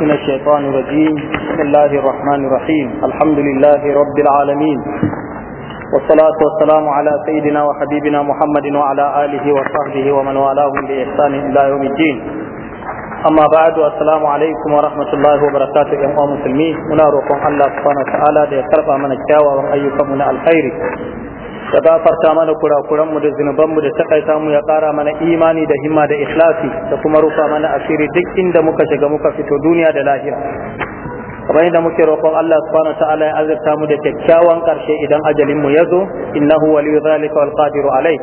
من الشيطان الرجيم بسم الله الرحمن الرحيم الحمد لله رب العالمين والصلاة والسلام على سيدنا وحبيبنا محمد وعلى آله وصحبه ومن والاه بإحسان إلى يوم الدين أما بعد السلام عليكم ورحمة الله وبركاته يا مسلمين منا روكم الله سبحانه وتعالى ليكرب من الشاوى ومن أيكم من الخير ka gafarta mana kurakuranmu da zunubanmu da takaita mu ya ƙara mana imani da himma da ikhlasi da kuma rufa mana asiri duk inda muka shiga muka fito duniya da lahira kamar yadda muke roƙon Allah subhanahu ta'ala ya azurta mu da kyakkyawan ƙarshe idan ajalin mu ya zo innahu waliyu zalika wal qadiru alai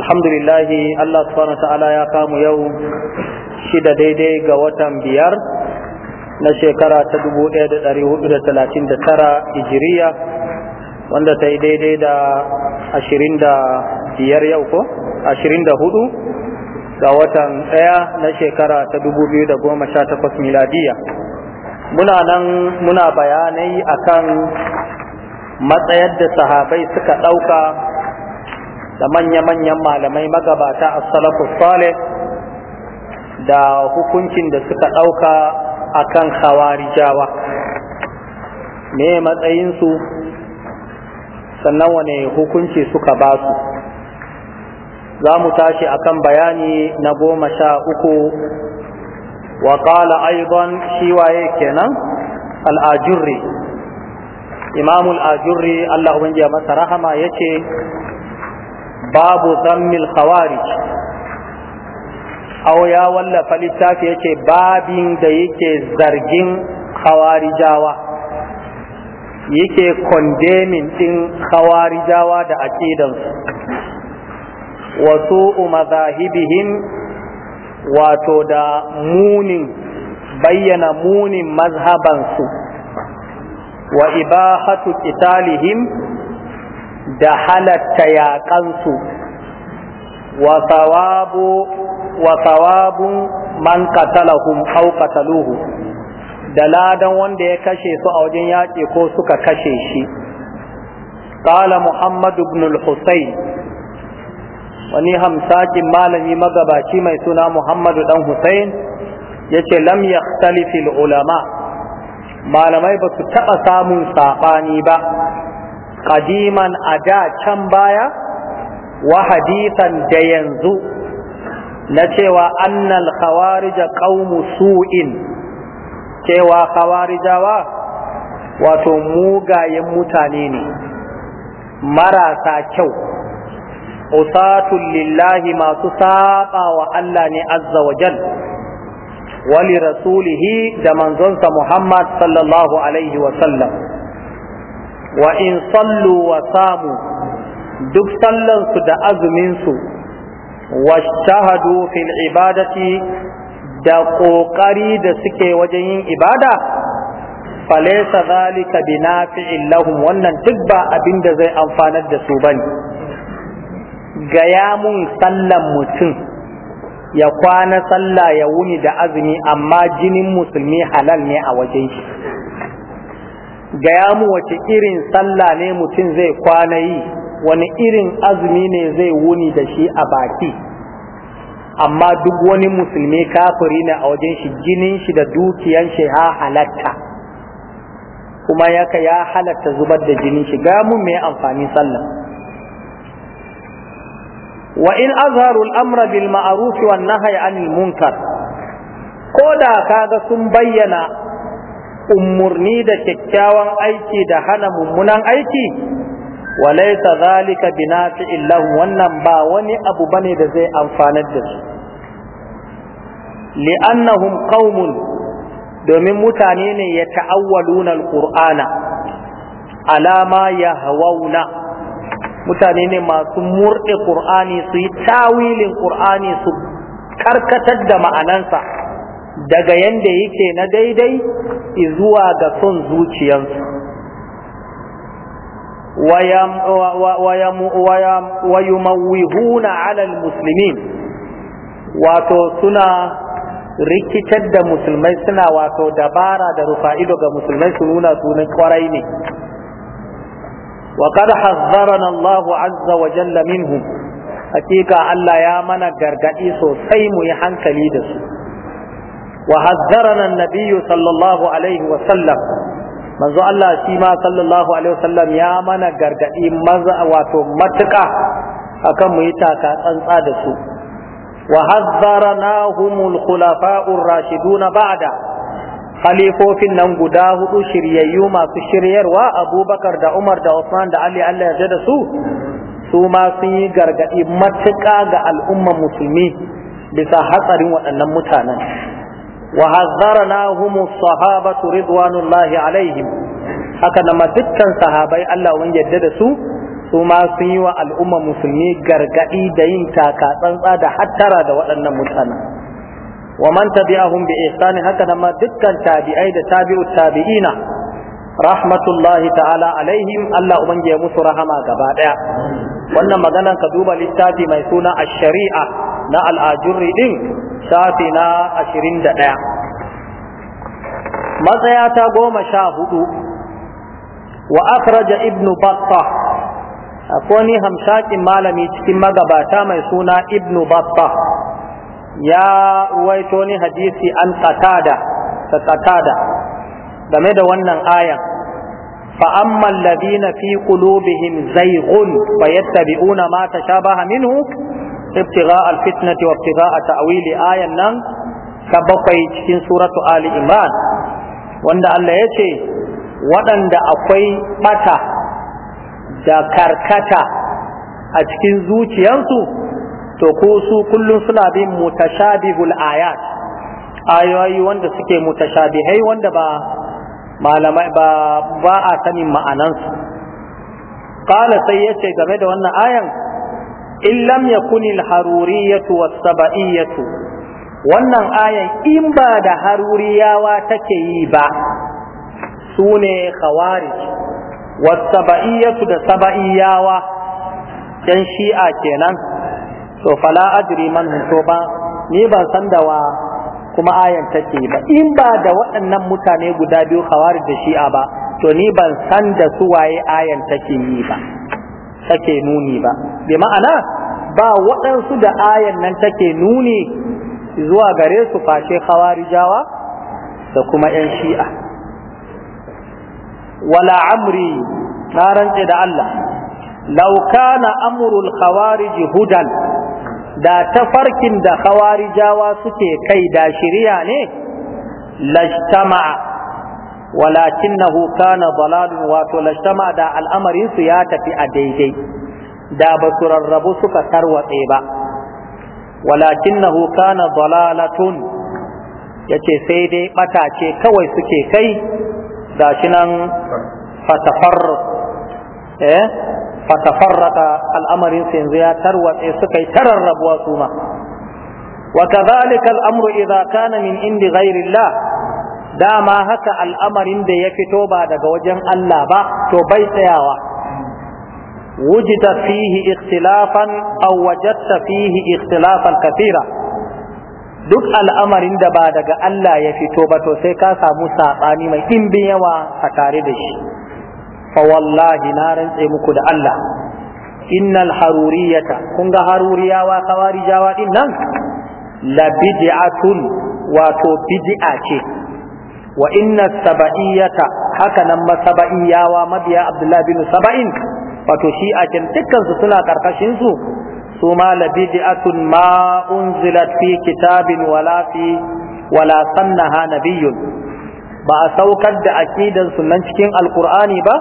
alhamdulillah Allah subhanahu ta'ala ya kamu yau shida daidai ga watan biyar na shekara ta 1439 hijiriya wanda ta yi daidai da ashirin da biyar yau ko ashirin da hudu ga watan ɗaya na shekara ta dubu biyu da goma sha takwas miladiya muna nan muna bayanai akan matsayar da sahabai suka ɗauka da manya-manyan malamai magabata a salafus sale da hukuncin da suka ɗauka akan jawa me matsayinsu sannan wane hukunci suka ba su za mu tashi akan bayani na goma sha uku wa qala aidan shi waye kenan Al'ajurri. ajurri imam Allah ya masa rahama yace babu zammil khawarij aw ya wallafa littafi yace babin da yake zargin khawarijawa yake kondemin ɗin khawarijawa da aƙidansu wasu mazahibihim wato da munin bayyana munin mazhabansu wa ibahatu qitalihim da halatta yaƙansu wa sawabu wa sawabun man qatalahum aw qataluhu da ladan wanda ya kashe su a wajen yaƙi ko suka kashe shi qala muhammad ibn al-husayn wani hamsakin malami magabaci mai suna muhammadu dan husayn yace lam yakhtalifi ulama malamai ba su taɓa samun saɓani ba Ƙadiman a da can baya wa hadisan da yanzu na cewa annal khawarij qaumu su'in cewa khawarijawa wato mugayen mutane ne marasa kyau usatun lillahi masu saba wa Allah ne azza wa wali rasulihi da manzonsa Muhammad sallallahu alaihi wa sallam wa in sallu wa samu duk sallansu da azuminsu wa shahadu fil ibadati da ƙoƙari da suke wajen yin ibada falesa, zalika bi nafi'in lahum wannan duk ba abin da zai amfanar da su bane gaya mun sallan mutum ya kwana sallah ya wuni da azumi amma jinin musulmi halal ne a wajen shi gaya mu wace irin sallah ne mutum zai kwana yi wani irin azumi ne zai wuni da shi a baki amma duk wani musulmi kafiri ne a wajen shi jinin shi da dukiyan shi ha halatta kuma yaka ya halatta zubar da jinin shi ga mun mai amfani sallah wa in azharu al-amra bil ma'ruf wa nahyi anil munkar koda kaga sun bayyana umurni da kyakkyawan aiki da hana mummunan aiki walaisa zalika binafi'in illa wannan ba wani abu bane da zai amfana da su li'annahum qaumun domin mutane ne ya ta'awwaluna alqur'ana alama na mutane ne masu murɗe qur'ani su yi tawilin qur'ani su karkatar da ma'anansa daga yanda yake na daidai zuwa ga son zuciyarsu wa yumawwihuna ala wato suna rikitar da musulmai suna wato dabara da rufa'ido ga musulmai su nuna sunan kwarai ne wa qad hazzarana Allahu azza wa jalla minhum hakika Allah ya mana gargadi sosai mu yi hankali da su wa hazzarana an sallallahu alaihi wa sallam manzo Allah shi ma sallallahu alaihi wasallam ya mana gargadi maza wato matuka akan mu yi taka tsantsa da su wa hazzarnahumul khulafa'ur rashiduna ba'da khalifofin nan guda hudu shiryayyu masu shiryarwa Abubakar da Umar da Usman da Ali Allah ya da su su ma sun yi gargadi matuka ga al'umma musulmi bisa hatsarin waɗannan mutanen وحذرناهم الصحابة رضوان الله عليهم haka ma dukkan sahabai Allah wani yadda da su su ma sun yi wa al'umma musulmi gargadi da yin taka tsantsa da hattara da waɗannan mutanen wa man tabi'ahum bi ihsani haka ma dukkan tabi'ai da tabi'ut tabi'ina rahmatullahi ta'ala alaihim Allah ubangi ya musu rahama gaba daya wannan maganan ka duba littafi mai suna ash-shari'a na al'ajurri din shafi na ashirin da ɗaya matsaya ta goma sha hudu wa afraja ibnu batta akwai hamshakin malami cikin magabata mai suna ibnu batta ya ruwaito ni hadisi an qatada ta game da wannan ayan fa amma alladhina fi qulubihim zayghun fayattabi'una ma tashabaha ibtigha alfitnati wa a ta'wili ayan nan ta bakwai cikin suratu ali iman. wanda Allah ya ce waɗanda akwai ɓata da karkata a cikin zuciyansu to ko su kullum suna bin mutashabihul ayat ayoyi wanda suke mutashabihai wanda ba malamai ba ba a sanin ma'anansu qala sai yace game da wannan ayan in lam yakuni al-haruriyatu was-saba'iyatu wannan ayan in ba da haruriyawa take yi ba sune khawarij was-saba'iyatu da saba'iyawa dan shi'a kenan to fala ajri man to ba ni ban san da wa kuma ayan take ba in ba da waɗannan mutane guda biyu khawarij da shi'a ba to ni ban san da su waye ayan take yi ba take nuni ba bi ma'ana ba waɗansu da ayan nan take nuni zuwa gare su fashe khawarijawa da kuma ƴan shi'a wala amri na rantse da Allah law kana amrul khawarij hudan da tafarkin da khawarijawa suke kai da shiriya ne lajtama'a walakinahu kana dalalun wato lashtama da al'amarinsu ya tafi a daidai da ba su rarrabu suka tarwatse ba walakinnahu kana dalalatun yace sai dai bata kawai suke kai gashi nan fatafar eh, al'amarin sai tarwatse suka yi tararrabuwa su ma wa kadhalika al'amru idza kana min indi ghairi dama haka al'amarin da ya fito ba daga wajen Allah ba to bai tsayawa وجد فيه اختلافا أو وجدت فيه اختلافا كثيرا duk al'amarin da ba daga Allah ya fito ba to sai ka samu saɓani mai ɗimbin yawa a tare da shi fa wallahi na rantse muku da Allah innal haruriyata kun ga haruriyawa jawa din nan la bid'atun wato bid'a ce wa inna saba'iyata haka nan ma mabiya Abdullahi bin Saba'in wato shi a can dukkansu suna karkashin su su ma labidi'atun ma unzilat fi kitabin wala fi wala sannaha nabiyyun ba a saukar da aqidan sunan cikin alqur'ani ba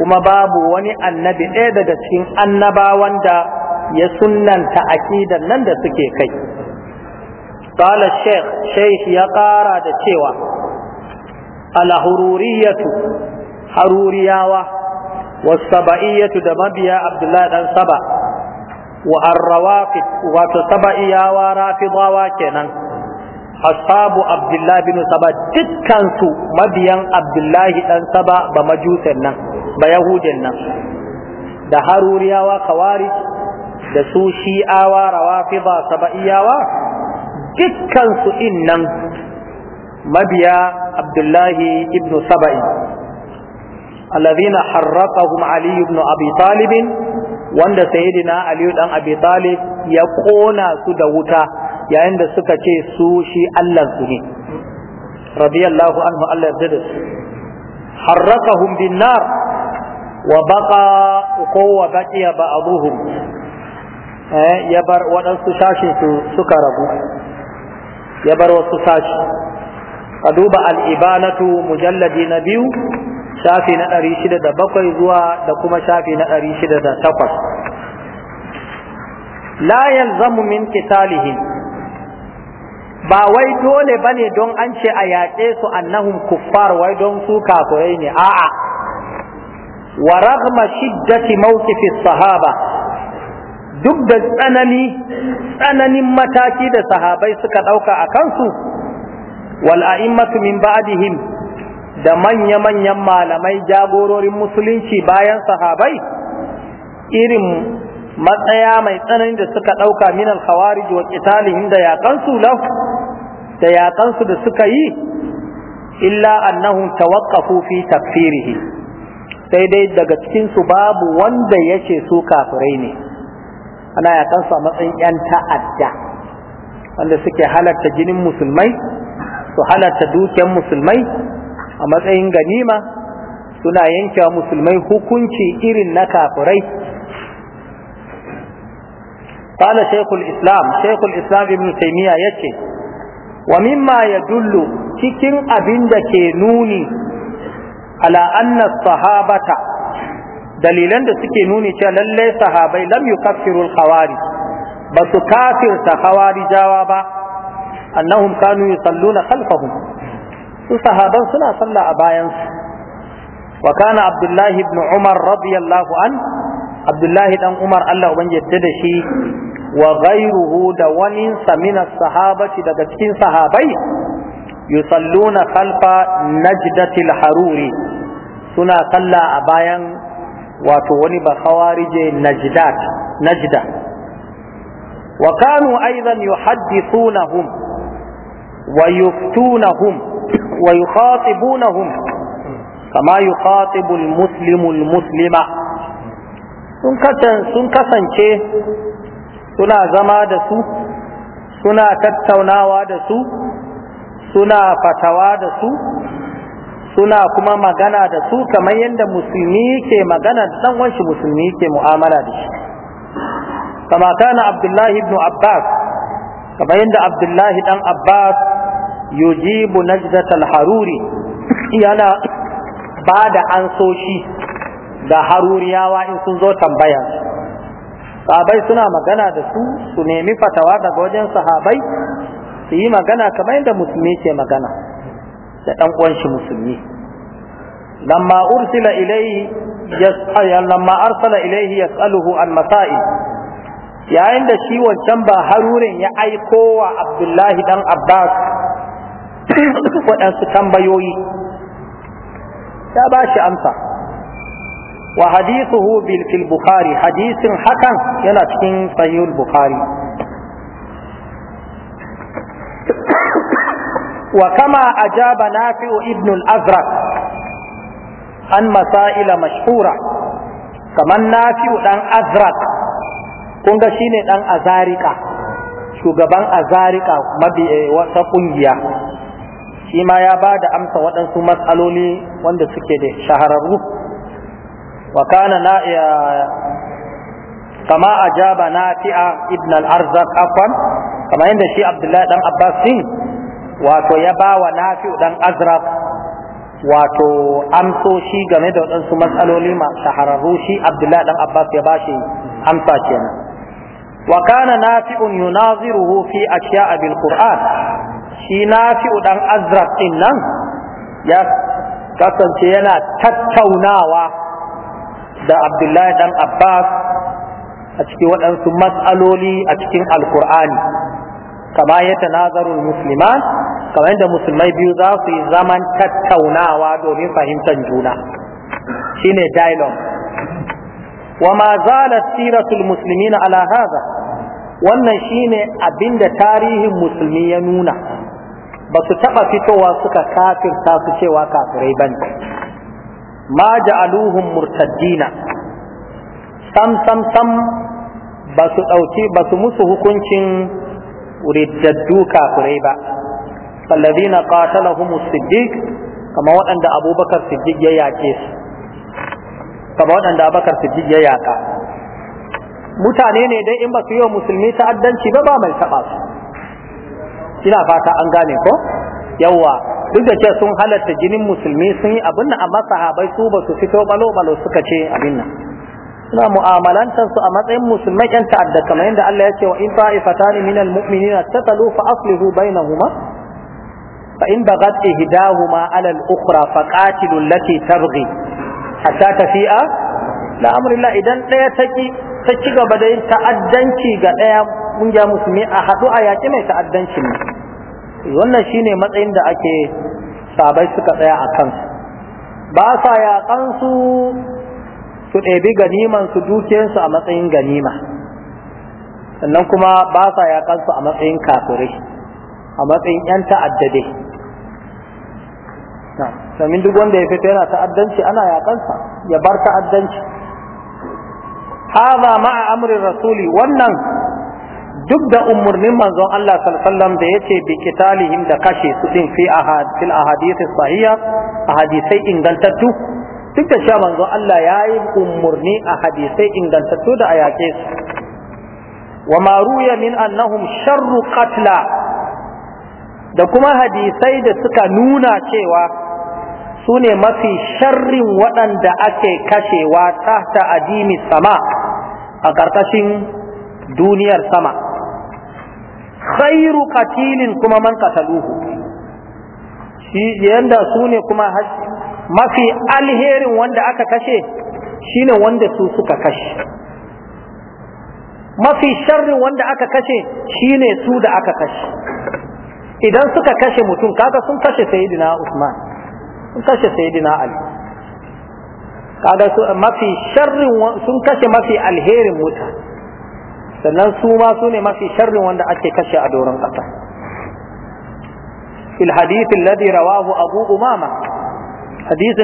kuma babu wani annabi ɗaya daga cikin annabawan da ya sunnanta akidan nan da suke kai قال الشيخ شيخ يقارى da cewa الهرورية haruriyawa wasaba'iyyatu da mabiya abdullahi dan saba wa arrawafid wato saba'iyawa rafidawa kenan ashabu abdullahi bin saba dukkan su mabiyan abdullahi dan saba ba majusan nan ba yahudin nan da haruriyawa kawari da su shi'awa rawafida saba'iyawa dukkan su innan mabiya abdullahi ibnu saba'i alladhina harraqahum ali ibn abi talib wanda sayyidina ali dan abi talib ya ƙona su da wuta yayin da suka ce su shi Allah su ne radiyallahu anhu Allah yarda da su harraqahum bin nar wa baqa quwwa baqiya ya bar waɗansu sashin su suka ya bar wasu sashi duba al'ibanatu mujalladi na biyu shafi na ɗari shida da bakwai zuwa da kuma shafi na ɗari shida da takwas la yalzamu min qitalihim ba wai dole bane don an ce a yaƙe su annahum kuffar wai don su kafirai ne a'a wa raghma shiddati mawqifi sahaba duk da tsanani tsananin mataki da sahabai suka ɗauka a kansu wal a'immatu min ba'dihim da manya-manyan malamai jagororin musulunci bayan sahabai irin matsaya mai tsanani da suka ɗauka min alkhawarij wa inda da yaƙansu da kansu da suka yi illa annahum tawaqqafu fi takfirihi sai dai daga cikin su babu wanda yace su kafirai ne ana kansu a matsayin yan ta'adda wanda suke halarta jinin musulmai su halarta dukiyar musulmai a matsayin ganima suna yanke musulmai hukunci irin na kafirai قال شيخ الإسلام شيخ الإسلام wa تيمية يتي ya يدل cikin abin da ke nuni ala sahabata dalilan da suke nuni cewa lallai sahabai lam yi al-khawari ba su kafirta jawa ba annahum kanu yusalluna khalfahum su sahaban suna sallah a bayansu wa kana abdullahi ibn umar radiyallahu an abdullahi dan umar Allah uban da shi wa ghayruhu da wani samina sahabati daga cikin sahabai yusalluna khalfa najdatil haruri suna sallah a bayan wato wani ba khawarije najdat najda wa kanu aidan yuhaddithunahum wa yuftunahum ويخاطبونهم كما يخاطب المسلم المسلمة sun kasance suna zama da su suna tattaunawa da su suna fatawa da su suna kuma magana da su kamar yadda musulmi ke magana da wanshi musulmi ke mu'amala da shi kama kana abdullahi ibn abbas kamar yadda abdullahi dan abbas yujibu najdatal haruri yana ba da ansoshi da haruriyawa in sun zo tambaya sahabai suna magana da su su nemi fatawa daga wajen sahabai su yi magana kamar yadda musulmi ke magana da ɗan uwan musulmi lamma ursila ilayhi yas'al lamma arsala ilayhi yas'aluhu an masa'i yayin da shi wancan ba harurin ya aiko wa abdullahi dan abbas waɗansu tambayoyi ya ba shi amsa wa hadithuhu bil fil bukhari hadisin hakan yana cikin sahihul bukhari wa kama ajaba nafi'u ibn al-azraq an masaila mashhura kaman nafi'u dan azraq kun ga shine dan azarika shugaban azarika mabi eh, wata kungiya shi ma ya ba da amsa waɗansu matsaloli wanda suke da shahararru wa kana na kama a jaba na nafi'a ibn al-arzak afwan kama yadda shi abdullahi dan abbas din wato ya ba wa nafi'u dan azraq wato amsoshi game da waɗansu matsaloli ma shahararru shi abdullahi dan abbas ya bashi amsa kenan wa kana nafi'un yunaziruhu fi ashiya bil qur'an shi nafi'u dan azraq din nan ya kasance yana tattaunawa da abdullahi dan abbas a cikin waɗansu matsaloli a cikin alkur'ani kama ya tanazarul musulman kamar yadda musulmai biyu za su yi zaman tattaunawa domin fahimtar juna shine dialogue wa ma zalat siratul muslimina ala hadha wannan shine abinda tarihin musulmi ya nuna ba su taɓa fitowa suka kafirta su cewa kafirai ba ne ma ja'aluhum murtaddina sam sam sam ba su ɗauki ba su musu hukuncin riddaddu kafirai ba fallazina qatalahum siddiq kama waɗanda abubakar siddiq ya yaƙe su kama waɗanda abubakar siddiq ya yaƙa mutane ne dai in ba su yi wa musulmi ta'addanci ba ba mai taɓa su ina fata an gane ko yawa duk da cewa sun halarta jinin musulmi sun yi abin nan amma sahabai su ba su fito balo balo suka ce abin nan suna mu'amalantar su a matsayin musulmai yan ta'adda kamar yadda Allah ya ce wa in ta'ifatan min al-mu'minina tatalu fa aslihu bainahuma fa in bagat ihdahuma ala al-ukhra fa qatilu allati tabghi hatta tafi'a la amrillah idan daya ta ci gaba da yin ta'addanci ga daya kungiya musulmi a haɗu a yaƙi mai ta'addancin wannan shine matsayin da ake sabai suka tsaya a kansu ba sa yaƙansu su ɗebi ganiman su dukiyarsu a matsayin ganima sannan kuma ba sa yaƙansu a matsayin kafirai a matsayin 'yan ta'addade domin duk wanda ya fito yana ta'addanci ana yaƙansa ya bar ta'addanci haza ma'a amrin rasuli wannan duk da umarnin manzon Allah sallallahu da yace bi qitalihim da kashe su din fi ahad fil ahadith sahiha ahadisai ingantattu duk da sha manzon Allah yayi umarni a hadisai ingantattu da ayake su wa ma ruya min annahum sharru qatla da kuma hadisai da suka nuna cewa su ne mafi sharrin waɗanda ake kashewa ta ta sama a ƙarƙashin duniyar sama khairu katilin kuma man kataluhu shi yanda su ne kuma mafi alherin wanda aka kashe shine wanda su suka kashe mafi sharrin wanda aka kashe shine su da aka kashe idan suka kashe mutum kaga sun kashe sayyidina Usman sun kashe sayyidina Ali kaga mafi sharrin sun kashe mafi alherin mutane sannan suma sune mafi sharrin wanda ake kashe a doron ƙasa fil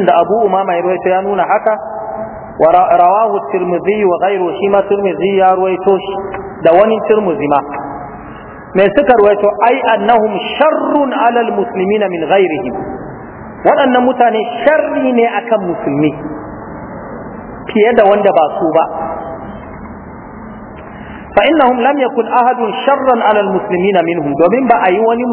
da abu umama ya rawaito ya nuna haka rawahu tirmidhi wa ghayru shi ma ya rawaito da wani tirmidhi ma me suka rawaito ai annahum sharrun alal muslimina min ghayrihim waɗannan mutane sharri ne akan musulmi fiye da wanda ba su ba fa innahum lam yakun ahadun sharran ala almuslimina minhum domin ba a yi wani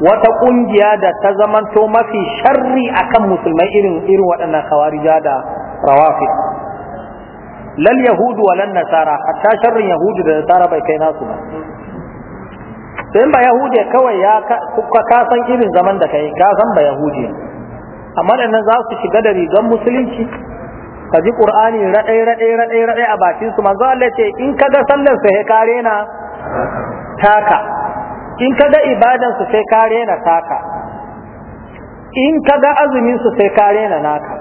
wata ƙungiya da ta zamanto mafi sharri a kan musulmai irin irin waɗannan khawarija da rawafid lal yahudu walan nasara hatta sharrin yahudu da nasara bai kai nasu ba sai ba yahude kawai ya ka san irin zaman da kai ka san ba yahude amma da nan za su shiga da rigar musulunci ka ji qur'ani raɗai raɗai raɗai raɗai a bakin su manzo Allah ce in kaga sallar su sai kare na taka in kaga ibadan su sai kare na taka in kaga azumin su sai kare na naka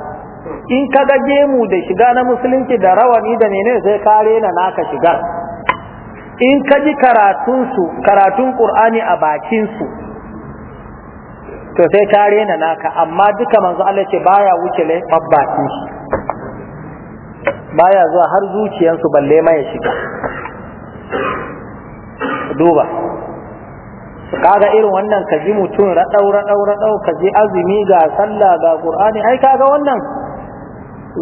in kaga gemu da shiga na musulunci da rawani da menene sai kare na naka shigar in ka ji su karatun ƙur'ani a bakin su to sai ka rena naka amma duka manzo Allah ce baya wuce lai bakin shi baya zuwa har zuciyansu balle ma ya shiga duba kaga irin wannan ka ji mutum raɗau raɗau raɗau ka ji azumi ga sallah ga qur'ani ai kaga wannan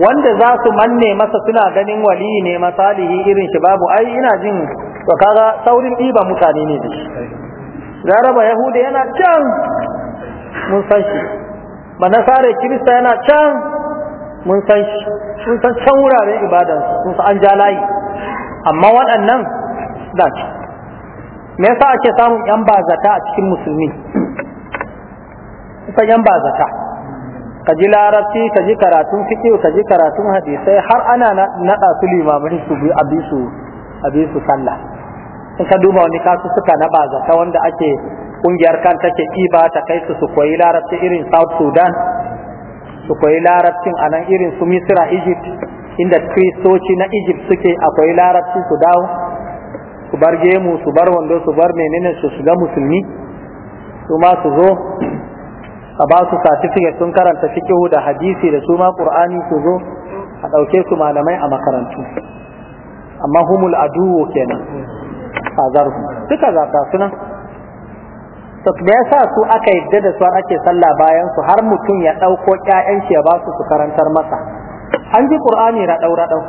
wanda za su manne masa suna ganin wali ne masalihi irin shi babu ai ina jin to kaga saurin ɗiba mutane ne da shi jaraba yahuda yana can mun san shi manasare kirista yana can mun san shi sun san can wuraren ibadansu sun san an ja layi amma waɗannan da ce me yasa ake samun yan bazata a cikin musulmi kusan yan bazata ka ji larabci ka ji karatun fiƙi ka ji karatun hadisai har ana naɗa su limamai su bi a bi sallah in ka duba wani kasu suka na bazata wanda ake ƙungiyar kan take ɗiba ta kai su su koyi larabci irin south sudan su koyi larabcin a nan irin su misira egypt inda kristoci na egypt suke akwai larabci su dawo su bar gemu su bar wando su bar menene su shiga musulmi su ma su zo a ba su certificate sun karanta fikihu da hadisi da su ma qur'ani su zo a ɗauke su malamai a makarantu amma humul aduwo kenan a zarhu duka sunan to da yasa su aka yadda da su ake sallah bayan su har mutum ya ɗauko ƴaƴan shi ya ba su su karantar masa an ji qur'ani raɗau raɗau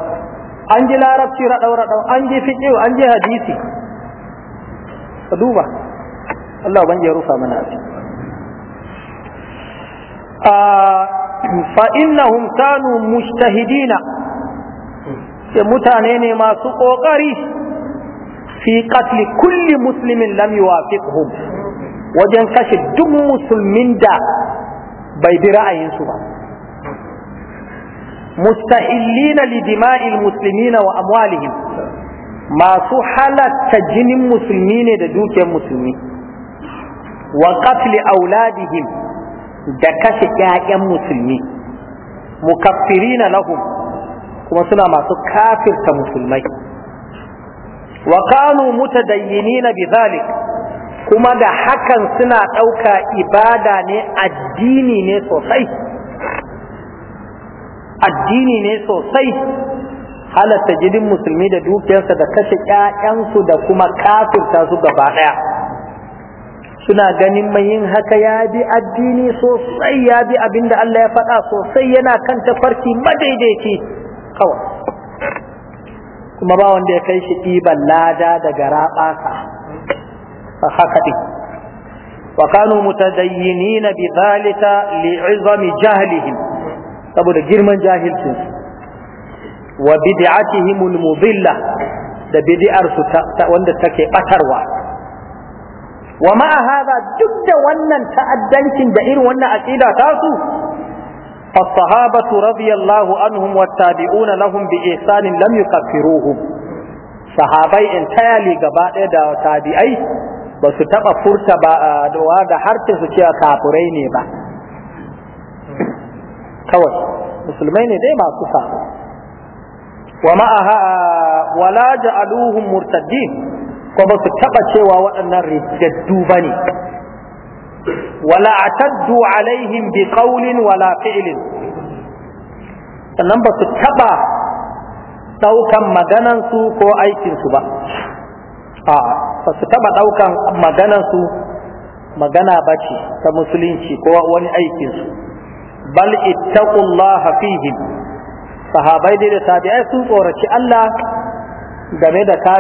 an ji larabci raɗau raɗau an ji fiqh an ji hadisi ka duba Allah ban ya rufa mana a fa innahum kanu mujtahidina sai mutane ne masu kokari fi qatli kulli muslimin lam yuwafiqhum wajen kashe duk musulmin da bai bi ra'ayinsu ba mustahillina li dima'il muslimina wa amwalihim masu halatta jinin musulmi ne da dukiyar musulmi wa qatli auladihim da kashe ƴaƴan musulmi mukaffirina lahum kuma suna masu kafirta musulmai wa kanu mutadayyinina bi dhalik kuma da hakan suna ɗauka ibada ne addini ne sosai addini ne sosai halatta jirin musulmi da dukiyarsa da kashe ƴaƴansu da kuma kafirta su gaba ɗaya suna ganin mai yin haka ya bi addini sosai ya bi abin Allah ya faɗa sosai yana kan tafarki madaidaici kawai kuma ba wanda ya kai shi ɗiban lada daga raɓasa haka ɗin wa kanu mutadayyinina bi zalika li izami jahlihim saboda girman jahilcin wa bid'atihim al-mudilla da bid'ar su wanda take batarwa wa ma hadha duk da wannan ta'addancin da irin wannan aqida ta su as-sahabatu radiyallahu anhum wattabi'una lahum bi ihsanin lam yukaffiruhum sahabai entirely gaba ɗaya da tabi'ai ba su taɓa furta ba da harshen su cewa kafurai ne ba kawai musulmai ne dai masu sabo wa ma'aha wala ja'aluhum murtaddin ko ba su taɓa cewa waɗannan rijaddu ba ne wala ataddu alaihim bi qawlin wala fi'lin sannan ba su taɓa ɗaukan maganansu ko aikinsu ba a'a ba su taɓa ɗaukan maganansu magana ba ce ta musulunci ko wani aikinsu bal ittaqullah fihim sahabai dai da tabi'ai sun tsoraci Allah game da ta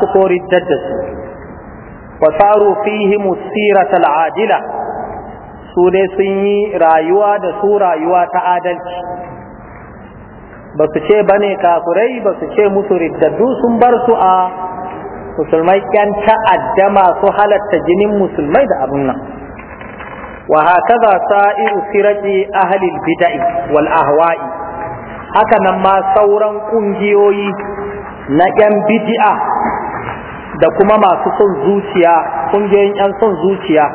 su kori riddar su wa saru fihi musirata al'adila su dai sun yi rayuwa da su rayuwa ta adalci ba su ce bane kafirai ba su ce musu riddaddu sun bar su a musulmai yan ta'adda masu halatta jinin musulmai da abun nan wa hakaza sa'iru firaqi ahlil bid'i wal ahwa'i haka nan ma sauran kungiyoyi na yan bid'a da kuma masu son zuciya kungiyoyin yan son zuciya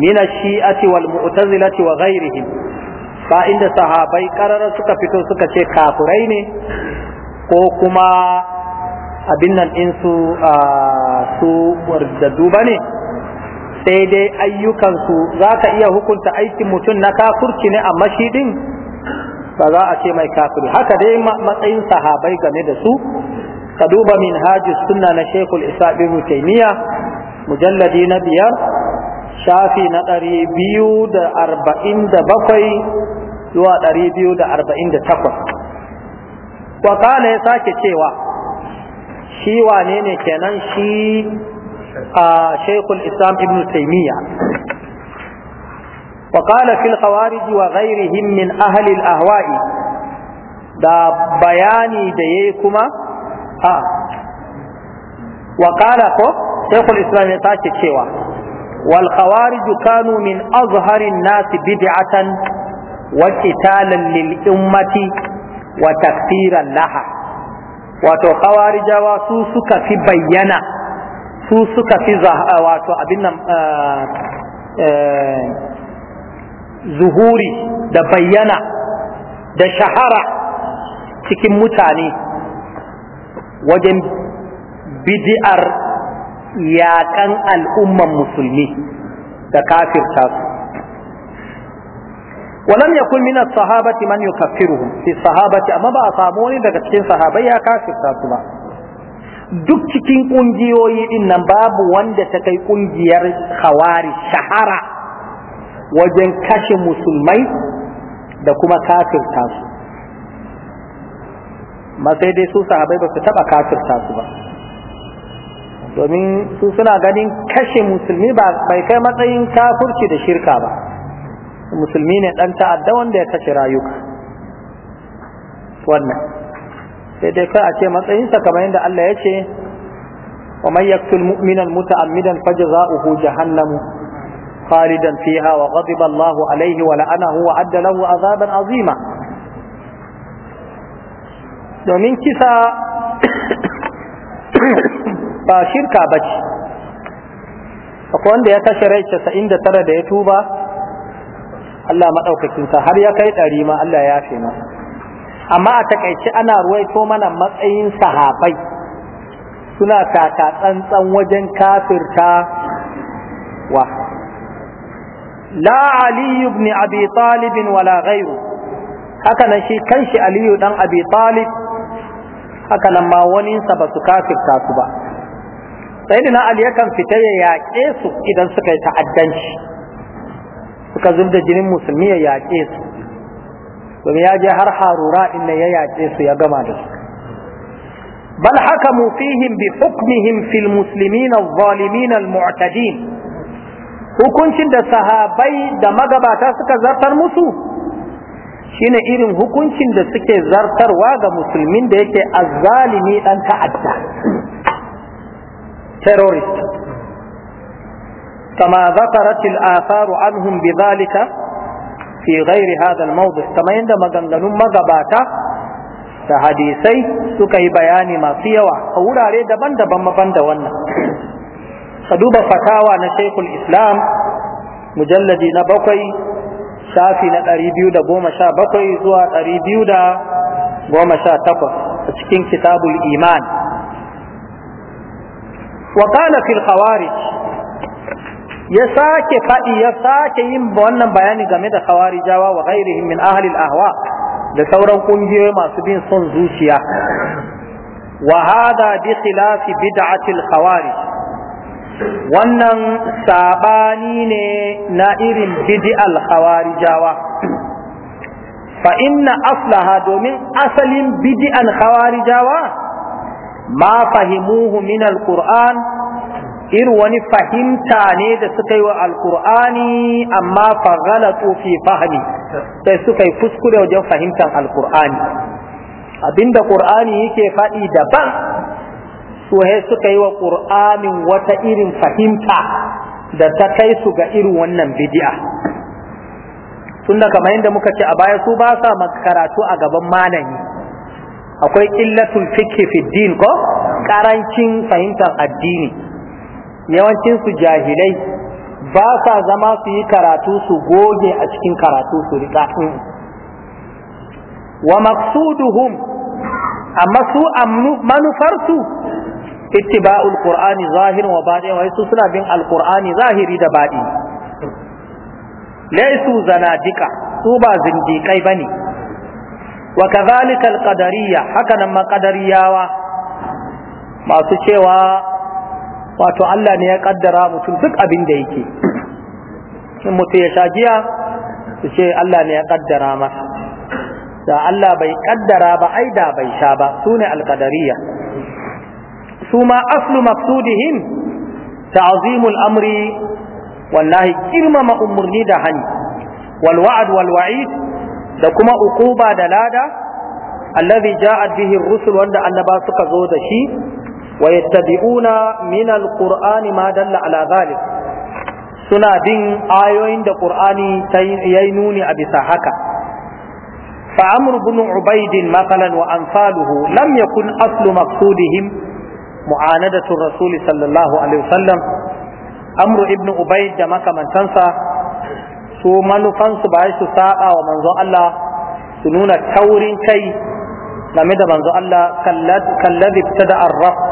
min shi'ati wal mu'tazilati wa ghairihim ba inda sahabai karara suka fito suka ce kafurai ne ko kuma abin nan in su su wardaddu ne? sai dai ayyukansu za ka iya hukunta aikin mutum na kafurci ne a mashidin? ba za a ce mai kafiri haka dai matsayin sahabai game da su ka duba min hajji suna na shekul isa ibn taymiya mujalladi na biyar shafi na ɗari biyu da arba'in da bakwai zuwa ɗari biyu da arba'in da takwas wa ya sake cewa shi wane ne kenan shi a shaykhul islam ibn taymiya wa qala fil khawarij wa ghayrihim min ahli al da bayani da yayi kuma a wa ko shaykhul islam ya sake cewa wal khawarij kanu min azhari an bid'atan wa qitalan wa takfiran laha wato khawarijawa su suka fi bayyana su suka fi eh, wato abin nan eh, eh, zuhuri da bayyana da shahara cikin mutane wajen bidi'ar yakan al'umman musulmi da kafirta su ولم يكن من الصحابة من يكفرهم في الصحابة أما بقى صاموني daga cikin sahabai ya kafirta su ba duk cikin kungiyoyi din nan babu wanda ta kai kungiyar khawari shahara wajen kashe musulmai da kuma kafirta su ma sai dai su sahabai ba su taba kafirta su ba domin su suna ganin kashe musulmi ba bai kai matsayin kafirci da shirka ba musulmi ne dan ta'adda wanda ya kashe rayuka wannan sai dai kai a ce matsayinsa kamar yadda Allah ya ce wa man yaktul mu'mina muta'ammidan fajza'uhu jahannamu khalidan fiha wa ghadiba Allah alayhi wa la'anahu wa adda lahu azaban azima domin kisa ba shirka bace akwai wanda ya kashe rai 99 da ya tuba Allah maɗaukakin sa har ya kai ɗari ma Allah ya fi amma a takaice ana ruwaito mana matsayin sahabai suna taka tsantsan wajen kafirta wa la ali ibn abi talib wala ghayru haka nan shi kanshi aliyu dan abi talib haka nan ma wani sa ba su kafirta su ba sayyidina ali yakan fita ya yaƙe su idan suka yi ta'addanci suka zub da jinin musulmi ya yaƙe su domin ya je har harura inda ya yaƙe su ya gama da su bal hakamu fihim bi hukmihim fil muslimina zalimina al mu'tadin hukuncin da sahabai da magabata suka zartar musu shine irin hukuncin da suke zartarwa ga musulmin da yake azzalimi dan ta'adda terrorist كما ذكرت الآثار عنهم بذلك في غير هذا الموضع كما عند مغنغن مغباتا تحديثي سكي بيان ما فيوا أولا ريدا بند بما بند ون خدوب فتاوى نشيخ الإسلام مجلد نبقي شافي نتاريبيو دا بوما شا بقي زوا تاريبيو دا بوما شا تقف كتاب الإيمان وقال في الخوارج ya sake faɗi ya sake yin wannan bayani game da khawarijawa wa ghairihim min ahli ahwa da sauran kungiyoyi masu bin son zuciya wa hada bi khilafi bid'atil khawarij wannan sabani ne na irin bid'al khawarijawa fa inna aslaha domin asalin bid'an khawarijawa ma fahimuhu min Kur'an. irin wani fahimta ne da suka yi wa alkur'ani amma faghalatu fi fahmi sai suka yi kuskure wajen fahimtar alkur'ani abinda qur'ani yake faɗi daban su suka yi wa qur'anin wata irin fahimta da ta kai su ga irin wannan bidi'a tunda kamar yadda muka ce a baya su ba sa karatu a gaban malami akwai illatul fikhi fi din ko karancin fahimtar addini yawancin su jahilai ba sa zama su yi karatu su goge a cikin karatu su rika wa maqsuduhum amma su manufarsu ittiba'ul qur'ani zahir wa batin wa su suna bin alqur'ani zahiri da baɗi laisu zanadika su ba zindiƙai bane wa kadhalika alqadariyya haka nan maqadariyawa masu cewa wato Allah ne ya kaddara mutum duk abin da yake in mutum ya sha giya su ce Allah ne ya kaddara masa da Allah bai kaddara ba ai da bai sha ba su ne alkadariya su ma aslu maqsudihim ta'zimul amri wallahi girmama umurni da hani wal wal wa'id da kuma uquba da lada allazi ja'at bihi rusul wanda annaba suka zo da shi ويتبعون minal القرآن ma dan على ذلك suna bin ayoyin da ƙur'ani ya yi nuni a bisa haka fa’amur bunin ubaidin matsalan wa amfaluhu lam yakun aslu maksudihim mu'anadatun rasuli sallallahu alaihi wasallam amru ibn ubaid da makamantansa su manufansu ba su saba wa manzo Allah su nuna taurin kai game da manzo Allah kallazi ta da'ar rafs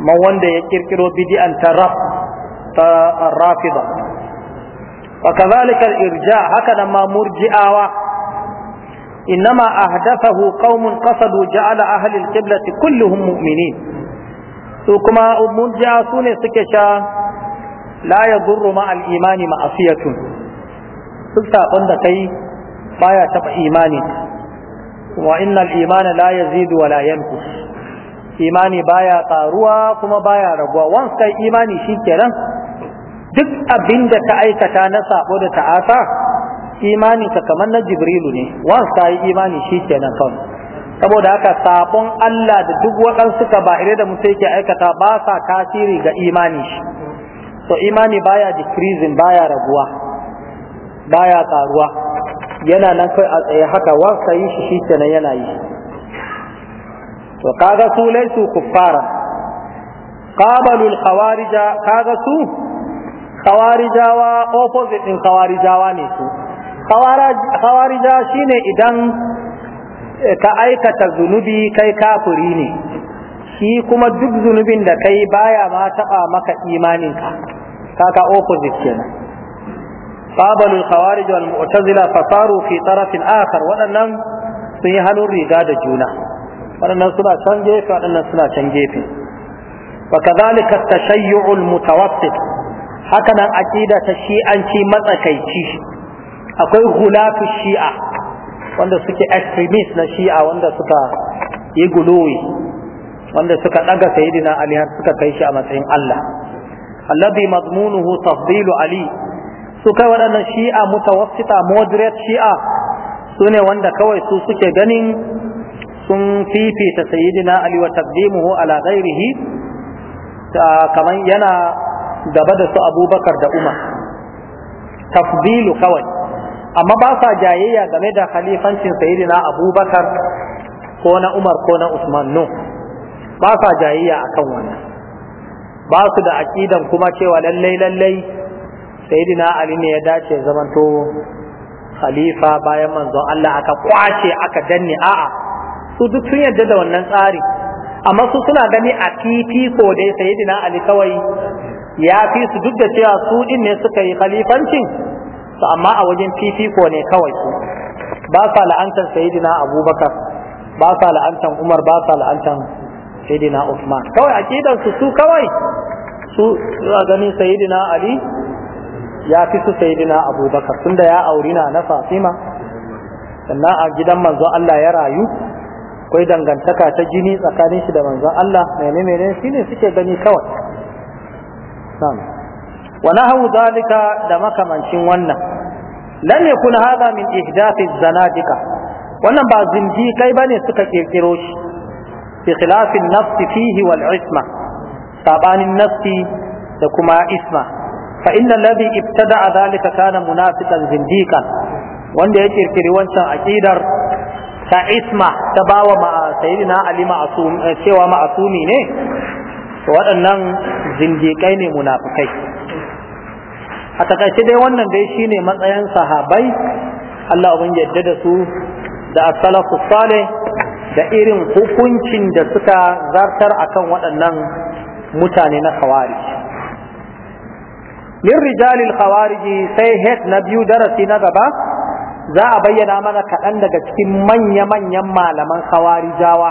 kamar wanda ya ƙirƙiro bidi'an ta raf ta rafida wa kadhalika al-irja haka nan ma murji'awa innama ahdathahu qaumun qasadu ja'ala ahli al-qiblati kulluhum mu'minin su kuma murji'a su ne suke sha la yadurru ma al-imani ma'asiyatun duk sabon da kai baya taba imani wa innal imana la yazidu wa la imani baya karuwa kuma baya raguwa once kai imani shikenan duk abin da ka aikata na sabo da ta'asa imani ka kamar na jibrilu ne once kai imani shikenan kawai saboda haka sabon Allah da duk waɗansu suka ba da mutum yake aikata ba sa tasiri ga imani shi so imani baya decreasing baya raguwa baya karuwa yana nan kai a tsaye haka wansa yi shi shikenan yana yi to kaga su laisu kuffara الخوارج قال سو kaga su khawarijawa ان din واني سو su khawarija shine idan ka aikata zunubi kai kafiri ne shi kuma duk zunubin da kai baya ma taba maka imaninka kaka opposite kenan qabalu al-khawarij wal mu'tazila fasaru fi taraf akhar sun yi hannun riga da juna waɗannan suna can gefe waɗannan suna can gefe wa kadhalika at-tashayyu' al-mutawassit haka nan aqida ta shi'anci matsakaici akwai hulatu shi'a wanda suke extremist na shi'a wanda suka yi guluwi wanda suka daga sayyidina ali har suka kai shi a matsayin Allah alladhi madmunuhu tafdilu ali suka waɗannan shi'a mutawassita moderate shi'a su ne wanda kawai su suke ganin sun fifita sayyidina ali wa taqdimuhu ala ghairihi kaman yana gaba da su abubakar da umar tafdilu kawai amma ba sa jayayya game da khalifancin sayyidina abubakar ko na umar ko na usman no ba sa jayayya akan wannan ba su da aqidan kuma cewa lallai lallai sayyidina ali ne ya dace zamanto khalifa bayan manzon Allah aka kwace aka danne a'a su duk sun yarda da wannan tsari amma su suna gani a fifiko dai sayyidina ali kawai ya fi su duk da cewa su din ne suka yi khalifancin to amma a wajen fifiko ne kawai su ba sa la'antar sayyidina abubakar ba sa la'antar umar ba sa la'antar sayyidina usman kawai aqidan su su kawai su zuwa ganin sayyidina ali ya fi su sayyidina abubakar tunda ya auri na na fatima sannan a gidan manzo Allah ya rayu akwai dangantaka ta jini tsakanin shi da manzon Allah mene shi ne suke gani kawai na'am wa nahu zalika da makamancin wannan lam yakun hada min ihdathi zanadika wannan ba zindi kai bane suka kirkiro shi fi khilafin nafsi fihi wal isma sabanin nafsi da kuma isma fa inna alladhi ibtada'a zalika kana munafiqan zindika wanda ya kirkiri wancan aqidar ta isma ta bawa sayyidina ali ma'asum eh, cewa ma'asumi ne waɗannan zindikai ne munafukai a takaice dai wannan dai shine matsayin sahabai Allah ubin yadda da su da as-salafu da irin hukuncin da suka zartar akan waɗannan mutane na khawarij min rijalil khawarij sai het na biyu darasi na gaba za a bayyana mana kaɗan daga cikin manya-manyan malaman khawarijawa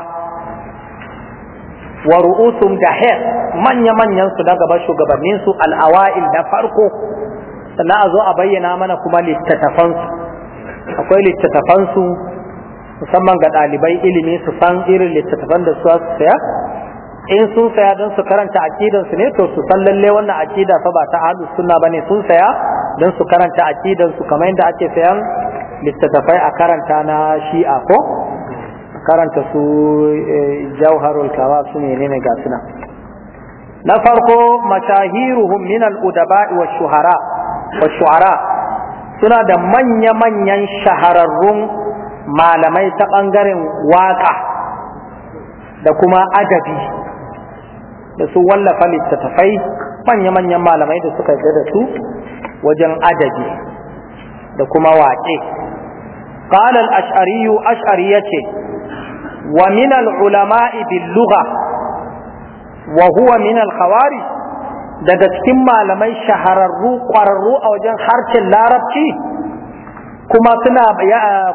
wa ru'usum da her manya-manyan su na gaba shugabannin su al'awa'il na farko sannan a zo a bayyana mana kuma littattafansu akwai littattafansu musamman ga ɗalibai ilimi su san irin littattafan da su saya in sun saya don su karanta aqidansu ne to su san lalle wannan aqida fa ba ta ahlus sunna bane sun saya don su karanta su, kamar yadda ake sayan littattafai a karanta na shi'a ko karanta su eh, jauharul kawa su ne ne ga suna na farko mashahiruhum min al-udaba'i wa shuhara wa shuhara suna da manya-manyan shahararrun malamai ta ɓangaren waƙa da kuma adabi da su wallafa littattafai manya-manyan malamai da suka da su wajen adabi da kuma waƙe qala Ashariyu, Ashariya ce yace wa min al-ulama'i bil wa daga cikin malamai shahararru ƙwararru a wajen harshen larabci kuma suna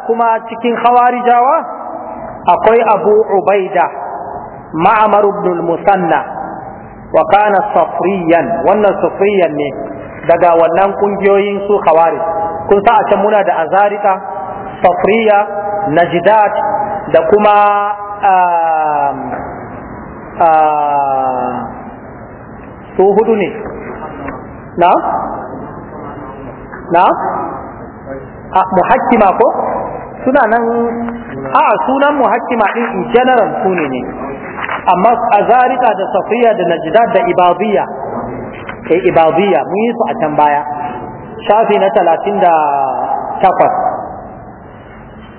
kuma cikin khawarijawa akwai abu ubaida ma'amar ibn al-musanna wa kana safriyan wannan safriyan ne daga wannan kungiyoyin su khawarij kun sa a can muna da azarika safriya najdat da kuma su hudu ne na na a muhakkima ko suna nan a sunan muhakkima din in general su ne amma a zarika da safiya da najdad da ibadiyya eh ibadiyya mun yi su a can baya shafi na talatin da takwas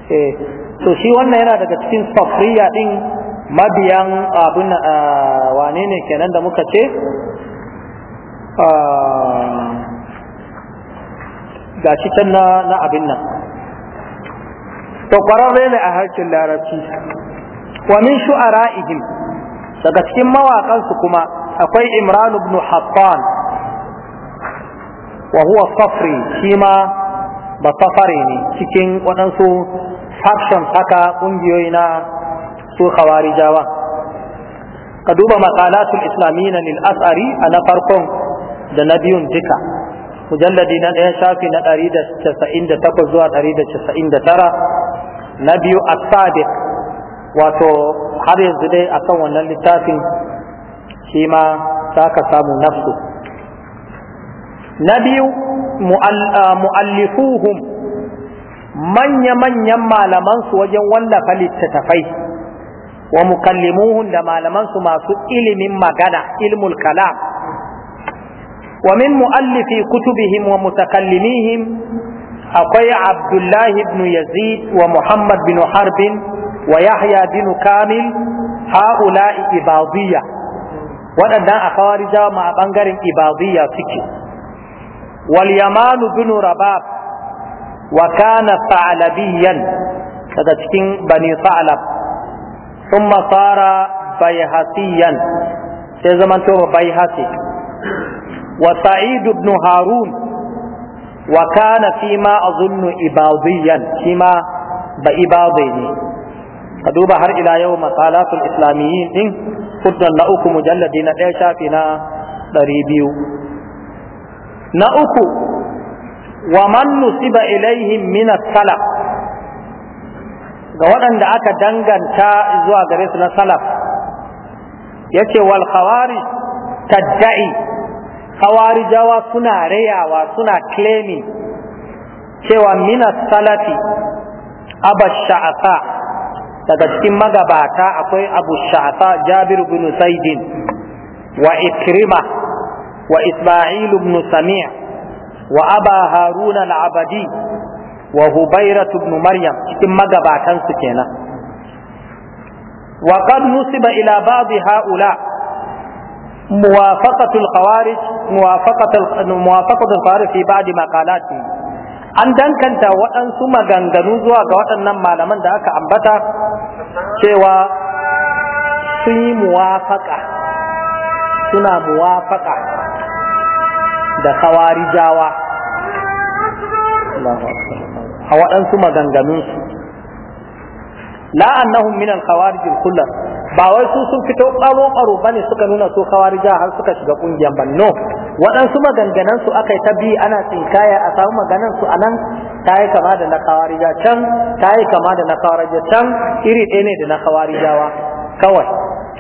Eh, to shi wannan yana daga cikin safriya din mabiyan abin ah, wane ne kenan da muka ce ah, ga shi can na abin nan to kwararre ne a harshen larabci wa min shu'ara'ihim daga cikin mawaƙansu kuma akwai imran ibn hassan wa huwa safri shi ma ba safari ne cikin waɗansu factions haka kungiyoyi na su khawarijawa ka duba maqalatul islamiyyin lil as'ari a na farkon da na biyun duka mujalladi na ɗaya shafi na 198 zuwa 199 na biyu as-sadiq wato har yanzu dai akan wannan littafin shi ma za ka samu nafsu na biyu mu'allifuhum manya-manyan malamansu wajen wallafa littattafai wa mukallimuhun da malamansu masu ilimin magana ilmul kalam wa min mu'allifi kutubihim wa mutakallimihim akwai abdullahi ibn yazid wa muhammad bin harbin wa yahya bin kamil ha'ula'i ibadiyya waɗannan a kawar ma a ɓangaren ibadiyya suke wal yamanu bin rabab wa kana daga cikin bani sa'alab thumma sara bayhasiyan sai zaman to bayhasi wa Sa'idu ibn harun wa kana fi ma azunnu ibadiyan shi ma ba ibadi ne ka duba har ila yau masalatul islamiyyin din fuddan na uku mujalladi na ɗaya shafi na ɗari biyu na uku wa man nusiba ilaihim min salaf ga waɗanda aka danganta zuwa gare su na salaf yace wal khawarij tadda'i khawarijawa suna rayawa suna claiming cewa min salafi aba sha'asa daga cikin magabata akwai abu sha'asa jabir bin saidin wa ikrima wa isma'il ibn وأبا هارون العبدي وهبيرة بن مريم إما قبعتان سكينة وقد نسب إلى بعض هؤلاء موافقة الخوارج موافقة موافقة الخوارج في بعض مقالاتهم an dankanta waɗansu maganganu zuwa ga waɗannan malaman da aka ambata cewa sun yi muwafaka suna muwafaka da khawarijawa a waɗansu maganganunsu la annahum min al-khawarij ba wai su sun fito ƙaro ƙaro bane suka nuna su khawarija har suka shiga ƙungiyar banno. no waɗansu maganganan su aka yi ta bi ana tsinkaya a samu maganan su nan, ta yi kama da na khawarija can ta yi kama da na khawarija can iri ɗaya ne da na khawarijawa kawai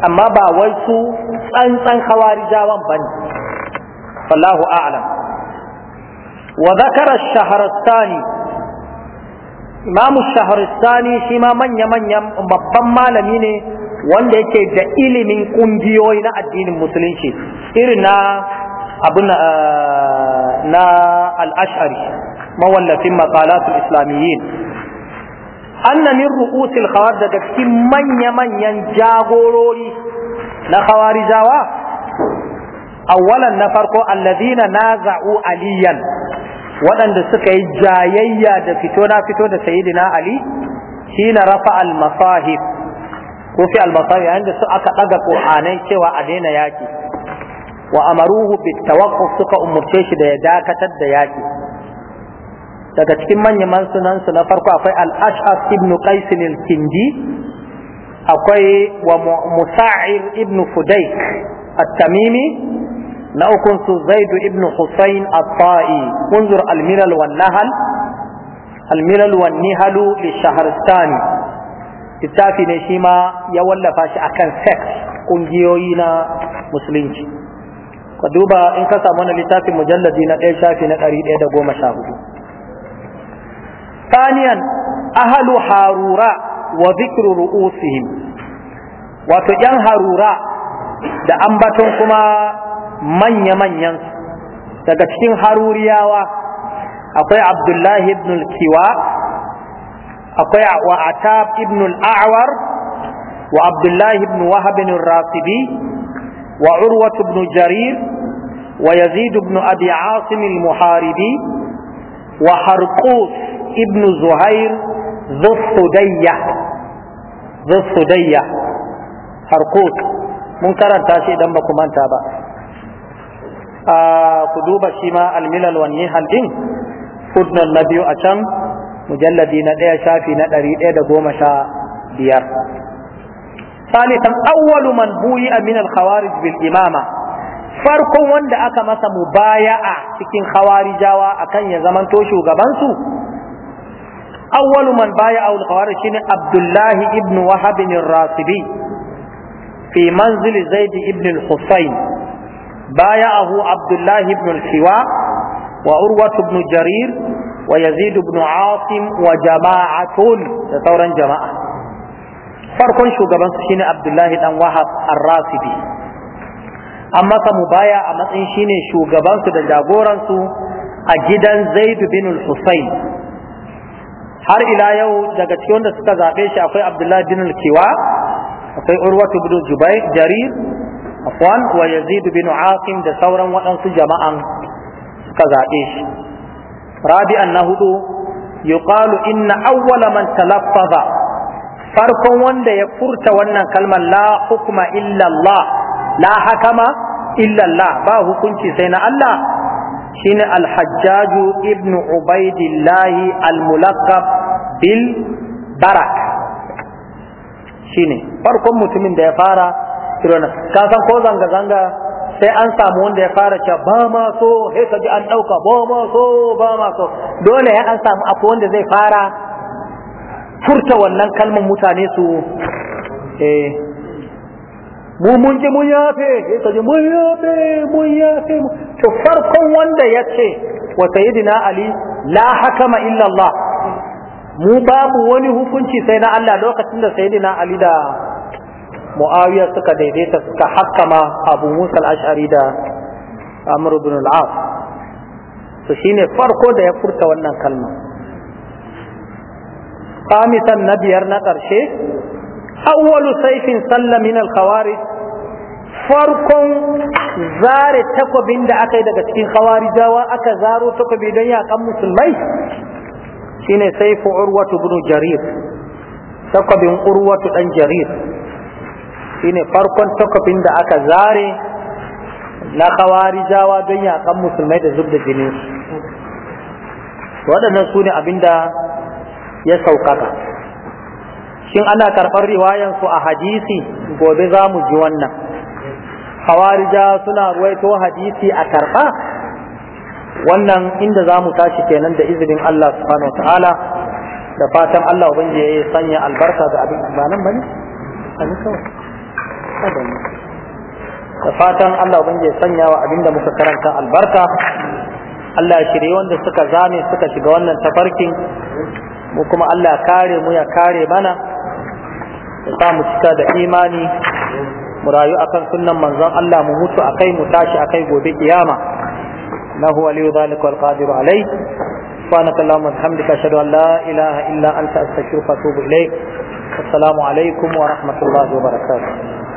amma ba wai su tsantsan khawarijawan ne. wallahu ala wazakarar zakara shaharastani shima shaharastani manya babban malami ne wanda yake da ilimin ƙungiyoyi na addinin musulunci irin na abin mawallafin matsalatul islamiyyin anna min ru'usil khawar daga cikin manya-manyan jagorori na khawarijawa awwalan na farko allazina naza'u aliyan waɗanda suka yi jayayya da fito na fito da sayyidina ali na rafa al masahib ko fi al yayin da su aka ɗaga ƙur'anai cewa a daina yaki wa amaruhu bit tawaqquf suka umurce shi da ya dakatar da yaƙi daga cikin manyan sunan su na farko akwai al ash'as ibn qais al kindi akwai wa musa'ir ibn fudayk at-tamimi na ukun su zaidu ibn husayn at-ta'i unzur al-milal wan nahal al-milal wan nihalu li littafi ne shi ma ya wallafa shi akan sex kungiyoyi na musulunci ka duba in ka samu wannan littafin mujalladi na ɗaya shafi na ɗari ɗaya da goma sha hudu ثانيا أهل حارورا وذكر رؤوسهم wato ‘yan harura da ambaton kuma manya-manyan daga cikin haruriyawa akwai abdullahi ibn al-kiwa akwai wa atab ibn al-a'war wa abdullahi ibn wahab ibn rasidi wa urwat ibn jarir wa yazid ibn abi asim al-muharibi wa harqus ibn zuhair ذو الصدية ذو الصدية harkut mun karanta shi idan ba ku manta ba ku duba shi ma almilal wani nihal din fudnan na biyu a can mujalladi na ɗaya shafi na ɗari ɗaya da goma sha biyar salisan awwalu man buyi min al khawarij bil imama farkon wanda aka masa a cikin khawarijawa akan ya zamanto shugabansu awwalu man a al shi shine abdullahi ibn wahab bin rasibi fi manzili zaid ibn al husayn بايعه عبد الله بن الحواء وعروة بن جرير ويزيد بن عاصم وجماعة ثورا جماعة فرق شو قبل شين عبد الله بن وهب الراسبي أما مبايع أما شين شو قبل سو أجدا زيد بن الحسين har ila yau daga cikin wanda suka zaɓe shi akwai abdullahi bin al-kiwa akwai urwatu bin jubair jarir afwan wa yazid bin asim da sauran waɗansu jama'an suka zaɓe shi rabi'an na hudu yuqalu inna awwala man talaffaza farkon wanda ya furta wannan kalmar la hukma illa Allah la hakama illa Allah ba hukunci sai na Allah shine al-hajjaj ibn ubaidillah al-mulaqab bil barak shine farkon mutumin da ya fara ciro nan ka san ko zanga zanga sai an samu wanda ya fara cewa ba ma so sai ka ji an dauka ba ma so ba ma so dole ya an samu akwai wanda zai fara furta wannan kalmar mutane su eh mu mun ji mun yafe sai ka ji mun yafe mun yafe to farkon wanda ya ce wa sayyidina ali la hakama illa allah mu babu wani hukunci sai na Allah lokacin da sayyidina ali da muawiya suka daidaita suka hakama abu musa al-ash'ari da amr bin al-as to ne farko da ya furta wannan kalma khamisan na biyar na ƙarshe awwalu saifin salla min al-khawarij farkon zare takobin da aka yi daga cikin khawarijawa aka zaro takobi don yakan musulmai shine saifu urwatu bin jarir takobin urwatu dan jarir shine farkon takobin da aka zare na khawarijawa don yakan musulmai da zub da jini. waɗannan su ne abinda ya saukaka shin ana karɓar riwayan su a hadisi gobe za mu ji wannan khawarija suna ruwaito hadisi a karɓa wannan inda za mu tashi kenan da izinin Allah subhanahu wa ta'ala da fatan Allah ubangiji ya sanya albarka ga abin ba nan bane kawai abadan da fatan Allah ubangiji sanya wa abinda muka karanta albarka Allah ya shirye wanda suka zame suka shiga wannan tafarkin mu kuma Allah ya kare mu ya kare mana ya sa mu cika da imani mu rayu akan sunnan manzon Allah mu mutu akai mu tashi akai gobe kiyama na huwa liyu zalika wal qadiru alai سبحانك اللهم وبحمدك اشهد ان لا اله الا انت استغفرك واتوب اليك السلام عليكم ورحمه الله وبركاته